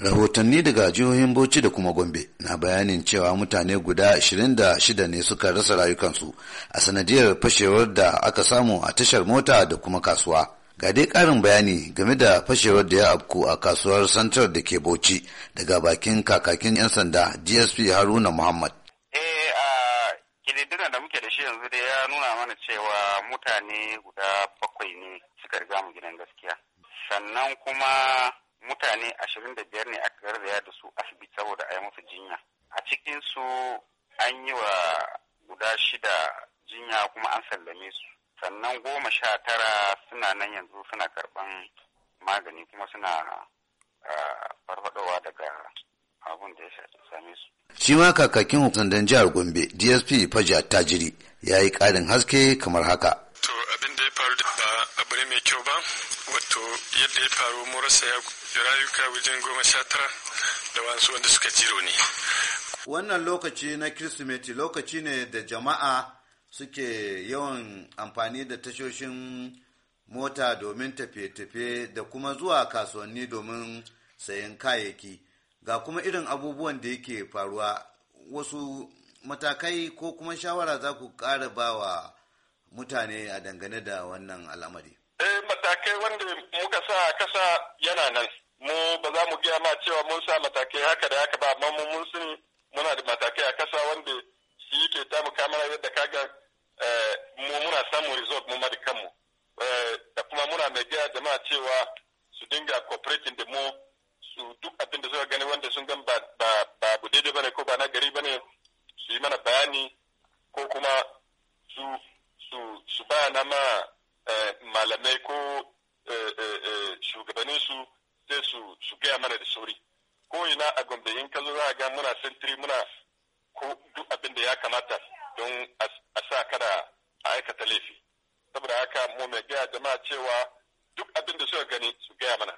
rahotanni daga jihohin bauchi da kuma gombe na bayanin cewa mutane guda 26 ne suka rasa rayukansu a sanadiyar fashewar da aka samu a tashar mota da kuma kasuwa ga dai karin bayani game da fashewar da ya afku a kasuwar santar da ke bauchi daga bakin kakakin 'yan sanda dsp haruna muhammad eh a da muke da shi yanzu dai ya nuna mana cewa mutane guda bakwai ne suka riga mu gidan gaskiya sannan kuma mutane ashirin da biyar ne aka garzaya da su asibiti saboda a yi musu jinya a cikin su an yi wa guda shida jinya kuma an sallame su sannan goma sha tara suna nan yanzu suna karban magani kuma suna farfadowa daga abun da ya same su shi ma kakakin hukumar jihar gombe dsp faja tajiri ya yi ƙarin haske kamar haka abu mai kyau ba wato yadda ya faru mu rasa rayuka wajen goma sha tara da wasu wanda suka jiro ne wannan lokaci na kirsimeti lokaci ne da jama'a suke yawan amfani da tashoshin mota domin tafiye-tafiye da kuma zuwa kasuwanni domin sayan kayayyaki ga kuma irin abubuwan da yake faruwa wasu matakai ko kuma shawara za ku ƙara bawa mutane a dangane da wannan al'amari? Eh matakai wanda muka sa a kasa yana nan. Mu ba za mu gaya ma cewa mun sa matakai haka da haka ba amma mu mun sani muna da matakai a kasa wanda shi yake ta mu kamara yadda kaga eh, mu muna samun result mu ma da kanmu. Eh, da kuma muna mai gaya jama'a cewa su dinga cooperating da mu su duk sannan ko eh, eh, eh, shugabanninsu sai su gaya mana da sauri ko ina a gombe in ka zo za ga muna sentiri muna ko duk abin da ya kamata don a sa kada a aikata laifi saboda haka mu mai gaya jama'a cewa duk abin da suka gani su gaya mana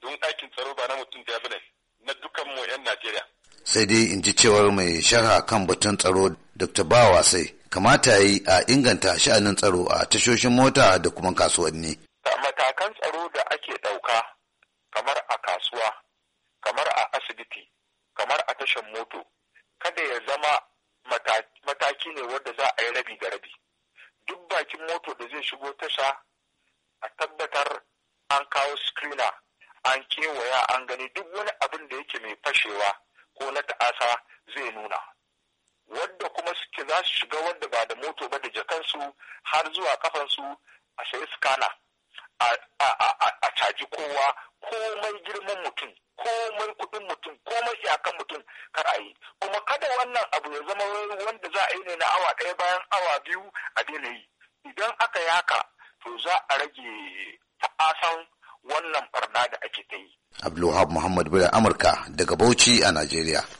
don aikin tsaro ba na mutum da bane na dukan mu yan Najeriya sai dai in ji cewar mai sharha kan batun tsaro Dr. Bawa sai kamata yi a inganta sha'anin tsaro a tashoshin mota da kuma kasuwanni. Matakan tsaro da ake ɗauka kamar a kasuwa, kamar a asibiti, kamar a tashan moto, kada ya zama mataki ne wanda za a yi rabi da rabi. Duk bakin moto da zai shigo tasha a tabbatar an kawo screener, an kewaya an gani duk wani abin da yake mai fashewa ko na ta'asa zai nuna. wadda kuma suke za su shiga wadda ba da moto ba da jakansu har zuwa kafansu a sayi skana a caji kowa komai girman mutum komai kuɗin mutum komai iyakan mutum kar a yi kuma kada wannan abu ya zama wanda za a yi ne na awa ɗaya bayan awa biyu a daina yi idan aka yaka to za a rage ta'asan wannan barna da ake ta yi. Abdulwahab Muhammad Bula Amurka daga Bauchi a Najeriya.